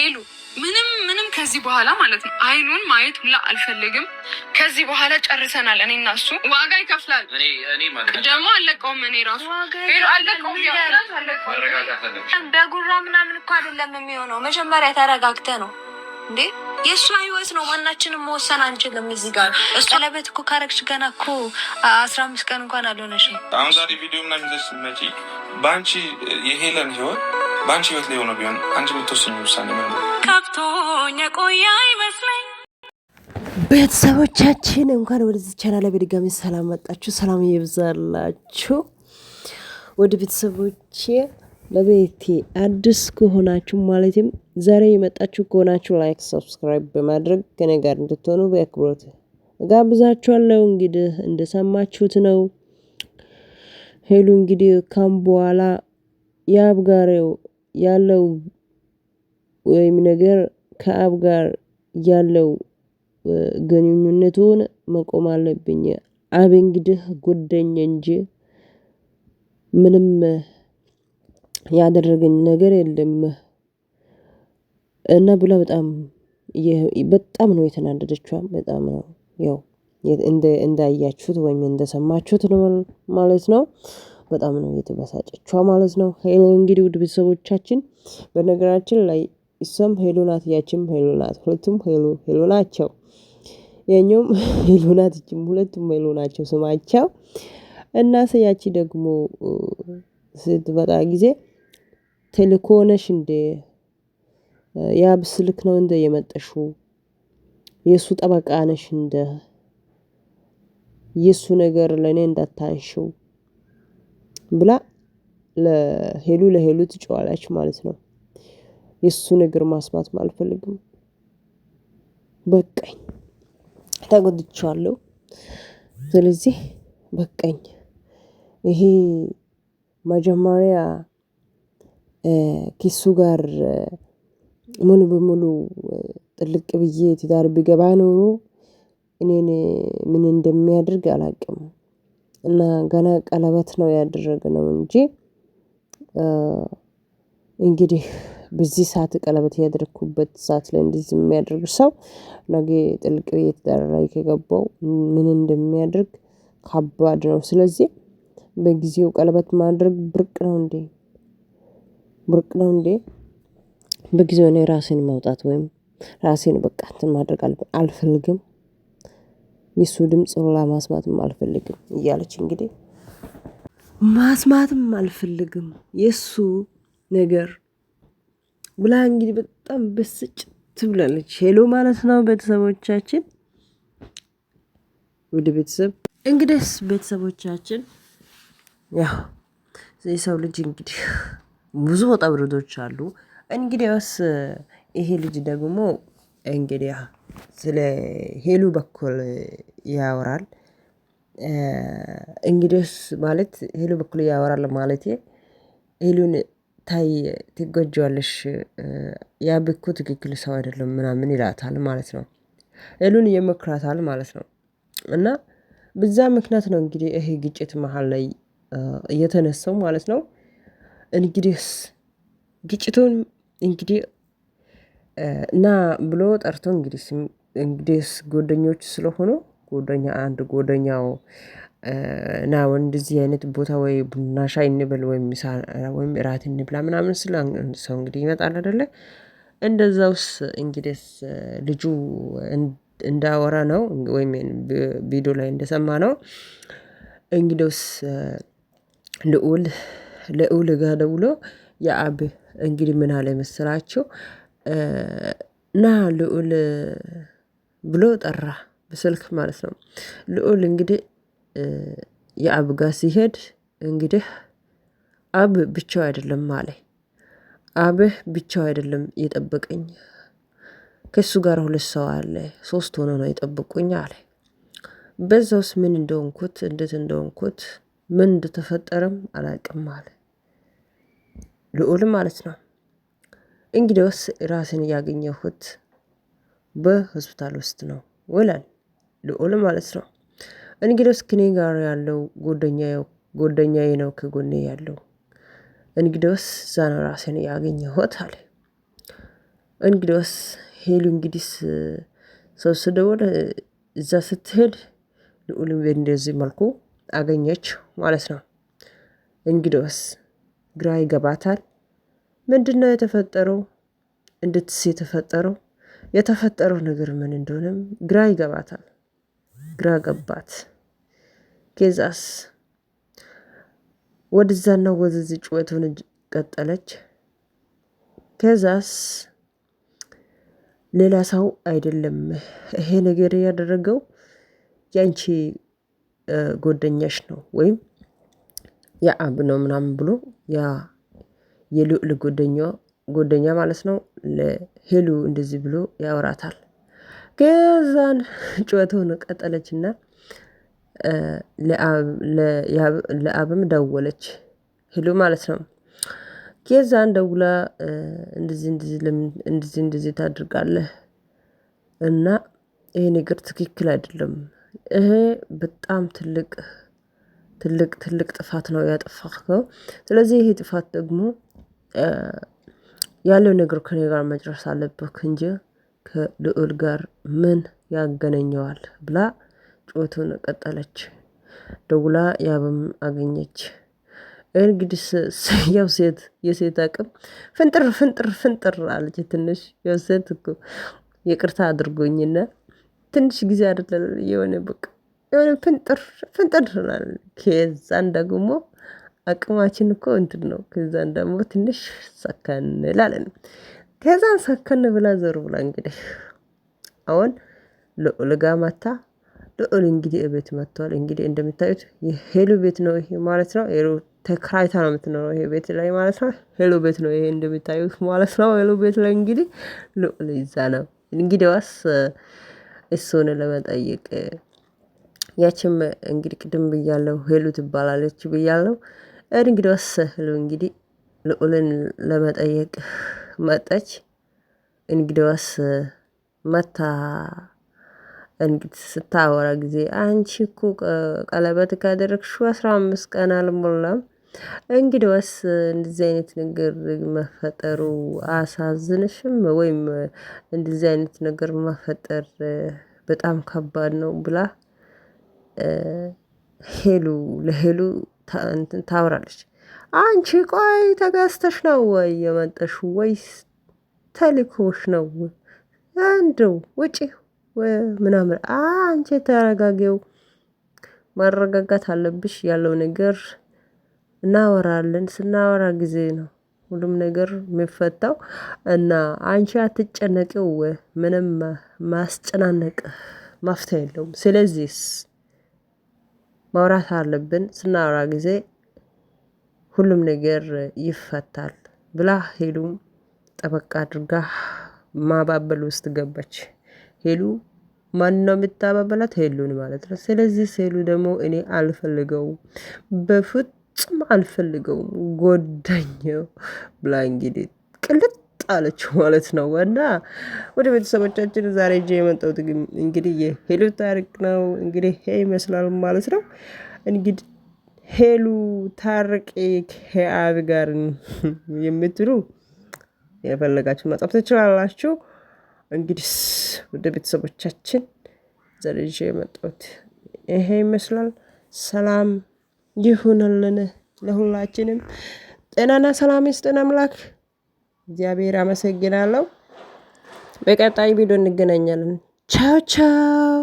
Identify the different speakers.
Speaker 1: ሄሉ ምንም ምንም ከዚህ በኋላ ማለት ነው አይኑን ማየት ሁላ አልፈልግም። ከዚህ በኋላ ጨርሰናል። እኔ እና እሱ ዋጋ ይከፍላል። ደግሞ አለቀውም። እኔ ራሱ በጉራ ምናምን እኮ አይደለም የሚሆነው። መጀመሪያ ተረጋግተ ነው እንዴ። የእሷ ህይወት ነው፣ ማናችንም መወሰን አንችልም። እዚህ ጋር እሱ ለቤት እኮ ካረግሽ ገና እኮ አስራ አምስት ቀን እንኳን አልሆነሽ።
Speaker 2: አሁን ዛሬ ቪዲዮ ምናምን ይዘሽ ስትመጪ በአንቺ የሄለን ህይወት በአንቺ ህይወት ላይ ሆኖ ቢሆን አንቺ የምትወስኝ ውሳኔ ምን
Speaker 1: ከብቶኝ የቆየ አይመስለኝ። ቤተሰቦቻችን እንኳን ወደዚህ ቻናል ላይ በድጋሚ ሰላም መጣችሁ። ሰላም እየብዛላችሁ ወደ ቤተሰቦቼ ለቤቴ አዲስ ከሆናችሁ ማለትም ዛሬ የመጣችሁ ከሆናችሁ ላይክ፣ ሰብስክራይብ በማድረግ ከኔ ጋር እንድትሆኑ በአክብሮት ጋብዛችኋለሁ። እንግዲህ እንደሰማችሁት ነው ሄሉ እንግዲህ ካም በኋላ የአብጋሬው ያለው ወይም ነገር ከአብ ጋር ያለው ግንኙነቱን መቆም አለብኝ። አብ እንግዲህ ጎደኝ እንጂ ምንም ያደረገኝ ነገር የለም። እና ብላ በጣም በጣም ነው የተናደደችዋ በጣም ነው ያው እንደ እንዳያችሁት ወይም እንደሰማችሁት ማለት ነው በጣም ነው የተበሳጨችዋ ማለት ነው። ሄሎ እንግዲህ ውድ ቤተሰቦቻችን በነገራችን ላይ እሷም ሄሎ ናት፣ ያችም ሄሎ ናት። ሁለቱም ሄሎ ሄሎ ናቸው። የኛውም ሄሎ ናት፣ እችም ሁለቱም ሄሎ ናቸው ስማቸው እና ሰያቺ ደግሞ ስትመጣ ጊዜ ተልኮ ነሽ እንዴ? ያብ ስልክ ነው እንደ የመጠሽው የእሱ ጠበቃ ነሽ እንደ የእሱ ነገር ለእኔ እንዳታንሽው ብላ ለሄሉ ለሄሉ ትጨዋላች ማለት ነው። የእሱን እግር ማስባት አልፈልግም። በቃኝ፣ ተጎድቻለሁ። ስለዚህ በቃኝ። ይሄ መጀመሪያ ከሱ ጋር ሙሉ በሙሉ ጥልቅ ብዬ ትዳር ቢገባ ኖሮ እኔን ምን እንደሚያደርግ አላቅም። እና ገና ቀለበት ነው ነው እንጂ እንግዲህ በዚህ ሰዓት ቀለበት ያደረኩበት ሰዓት ላይ እንደዚህ የሚያደርግ ሰው ነገ ጥልቅ ትዳር ላይ ከገባው ምን እንደሚያደርግ ከባድ ነው። ስለዚህ በጊዜው ቀለበት ማድረግ ብርቅ ነው እንዴ? ብርቅ ነው እንዴ? በጊዜው እኔ ራሴን ማውጣት ወይም ራሴን በቃ እንትን ማድረግ አልፈልግም የእሱ ድምፅ ሆላ ማስማትም አልፈልግም እያለች እንግዲህ ማስማትም አልፈልግም የእሱ ነገር ብላ እንግዲህ በጣም ብስጭ ትብላለች። ሄሎ ማለት ነው ቤተሰቦቻችን፣ ወደ ቤተሰብ እንግዲህስ ቤተሰቦቻችን ያው የሰው ልጅ እንግዲህ ብዙ ወጣ ብረዶች አሉ። እንግዲያውስ ይሄ ልጅ ደግሞ እንግዲያ ስለ ሄሉ በኩል ያወራል። እንግዲህስ ማለት ሄሉ በኩል ያወራል ማለቴ ሄሉን ታይ ትጎጂዋለሽ ያብኩ እኮ ትክክል ሰው አይደለም ምናምን ይላታል ማለት ነው። ሄሉን እየመክራታል ማለት ነው። እና በዛ ምክንያት ነው እንግዲህ ይሄ ግጭት መሃል ላይ የተነሳው ማለት ነው። እንግዲህ ግጭቱን እንግዲህ እና ብሎ ጠርቶ እንግዲህ እንግዲህ ጎደኞች ስለሆኑ ጎደኛ አንድ ጎደኛው እና እንደዚህ አይነት ቦታ ወይ ቡና ሻይ እንበል ወይም ወይም እራት እንብላ ምናምን ስለ ሰው እንግዲህ ይመጣል አይደለ እንደዛውስ እንግዲህ ልጁ እንዳወራ ነው ወይም ቪዲዮ ላይ እንደሰማ ነው። እንግዲውስ ልዑል ልዑል ጋር ደውሎ የአብ እንግዲህ ምን አለ መሰላችሁ ና ልዑል ብሎ ጠራ በስልክ ማለት ነው። ልዑል እንግዲህ የአብ ጋር ሲሄድ እንግዲህ አብ ብቻው አይደለም አለ። አብህ ብቻው አይደለም የጠበቀኝ ከሱ ጋር ሁለት ሰው አለ፣ ሶስት ሆኖ ነው የጠበቁኝ አለ። በዛውስ ምን እንደሆንኩት እንዴት እንደሆንኩት ምን እንደተፈጠረም አላቅም አለ ልዑል ማለት ነው። እንግዲያውስ ራስን ያገኘሁት በሆስፒታል ውስጥ ነው ይላል ልዑል ማለት ነው። እንግዲያውስ ከኔ ጋር ያለው ጎደኛ ነው ከጎኔ ያለው እንግዲህ እዛ ነው ራስን ያገኘሁት አለ። እንግዲያውስ ሄሉ እንግዲህ ሰው ስደወል እዛ ስትሄድ ልዑልን እንደዚህ መልኩ አገኘች ማለት ነው። እንግዲያውስ ግራ ይገባታል። ምንድነው የተፈጠረው? እንድትስ የተፈጠረው የተፈጠረው ነገር ምን እንደሆነም ግራ ይገባታል። ግራ ገባት። ኬዛስ ወደዛና ወደዚህ ጩኸቱን ቀጠለች። ከዛስ ሌላ ሰው አይደለም ይሄ ነገር ያደረገው ያንቺ ጎደኛሽ ነው ወይም የአብ ነው ምናምን ብሎ ያ የልዑል ጎደኛ ጎደኛ ማለት ነው ለሄሉ እንደዚህ ብሎ ያወራታል። ከዛን ጩኸት ሆነ ቀጠለችና ለአብም ደወለች ሄሉ ማለት ነው። ከዛን ደውላ እንደዚህ እንደዚህ ለምን እንደዚህ እንደዚህ እና ይሄ ነገር ትክክል አይደለም። ይሄ በጣም ትልቅ ትልቅ ትልቅ ጥፋት ነው ያጠፋኸው። ስለዚህ ይሄ ጥፋት ደግሞ ያለው ነገር ከኔ ጋር መጨረስ አለብህ እንጂ ከልዑል ጋር ምን ያገናኘዋል ብላ ጩኸቱን ቀጠለች። ደውላ ያብም አገኘች። እንግዲህ ያው ሴት የሴት አቅም ፍንጥር ፍንጥር ፍንጥር አለች። ትንሽ ያው ሴት እኮ ይቅርታ አድርጎኝና ትንሽ ጊዜ አይደለም የሆነ በቃ የሆነ ፍንጥር ፍንጥር ከዛን ደግሞ አቅማችን እኮ እንትን ነው። ከዛን ደግሞ ትንሽ ሰከን ላለን ከዛን ሰከን ብላ ዞር ብላ እንግዲህ አሁን ልዑል ጋ መታ። ልዑል እንግዲህ እቤት መጥተዋል። እንግዲህ እንደምታዩት የሄሉ ቤት ነው ይሄ ማለት ነው። ሄሉ ተከራይታ ነው የምትኖረው ይሄ ቤት ላይ ማለት ነው። ሄሉ ቤት ነው ይሄ እንደምታዩት ማለት ነው። ሄሉ ቤት ላይ እንግዲህ ልዑል ይዛ ነው እንግዲህ ዋስ እሱን ለመጠየቅ ያችም እንግዲህ ቅድም ብያለሁ ሄሉ ትባላለች ብያለሁ። እንግዲህ ወሰህሉ እንግዲህ ልዑልን ለመጠየቅ መጠች። እንግዲህ ወስ መታ እንግዲህ ስታወራ ጊዜ አንቺ እኮ ቀለበት ካደረግሽው አስራ አምስት ቀን አልሞላም። እንግዲህ ወስ እንደዚህ አይነት ነገር መፈጠሩ አሳዝንሽም ወይም እንደዚህ አይነት ነገር መፈጠር በጣም ከባድ ነው ብላ ሄሉ ለሄሉ ታወራለች። አንቺ ቆይ ተጋዝተሽ ነው ወይ የመጠሽ ወይስ ተልኮሽ ነው? አንድው ውጪ ምናምን አንቺ ተረጋጊው፣ ማረጋጋት አለብሽ። ያለው ነገር እናወራለን። ስናወራ ጊዜ ነው ሁሉም ነገር የሚፈታው እና አንቺ አትጨነቂው። ምንም ማስጨናነቅ ማፍታ የለውም። ስለዚህ ማውራት አለብን ስናወራ ጊዜ ሁሉም ነገር ይፈታል ብላ ሄሉም ጠበቃ አድርጋ ማባበል ውስጥ ገባች። ሄሉ ማን ነው የምታባበላት? ሄሉን ማለት ነው። ስለዚህ ሄሉ ደግሞ እኔ አልፈልገውም በፍጹም አልፈልገውም ጎዳኛው ብላ እንግዲህ ቅልጥ ጣለችው ማለት ነው። እና ወደ ቤተሰቦቻችን ዛሬ እጄ የመጣሁት እንግዲህ የሄሉ ታሪክ ነው። እንግዲህ ሄ ይመስላል ማለት ነው። እንግዲህ ሄሉ ታርቄ ከአብ ጋር የምትሉ የፈለጋችሁ መጻፍ ትችላላችሁ። እንግዲህ ወደ ቤተሰቦቻችን ዛሬ ይዤ የመጣሁት ይሄ ይመስላል። ሰላም ይሁንልን ለሁላችንም። ጤናና ሰላም ይስጠን አምላክ። እግዚአብሔር አመሰግናለሁ። በቀጣይ ቪዲዮ እንገናኛለን። ቻው ቻው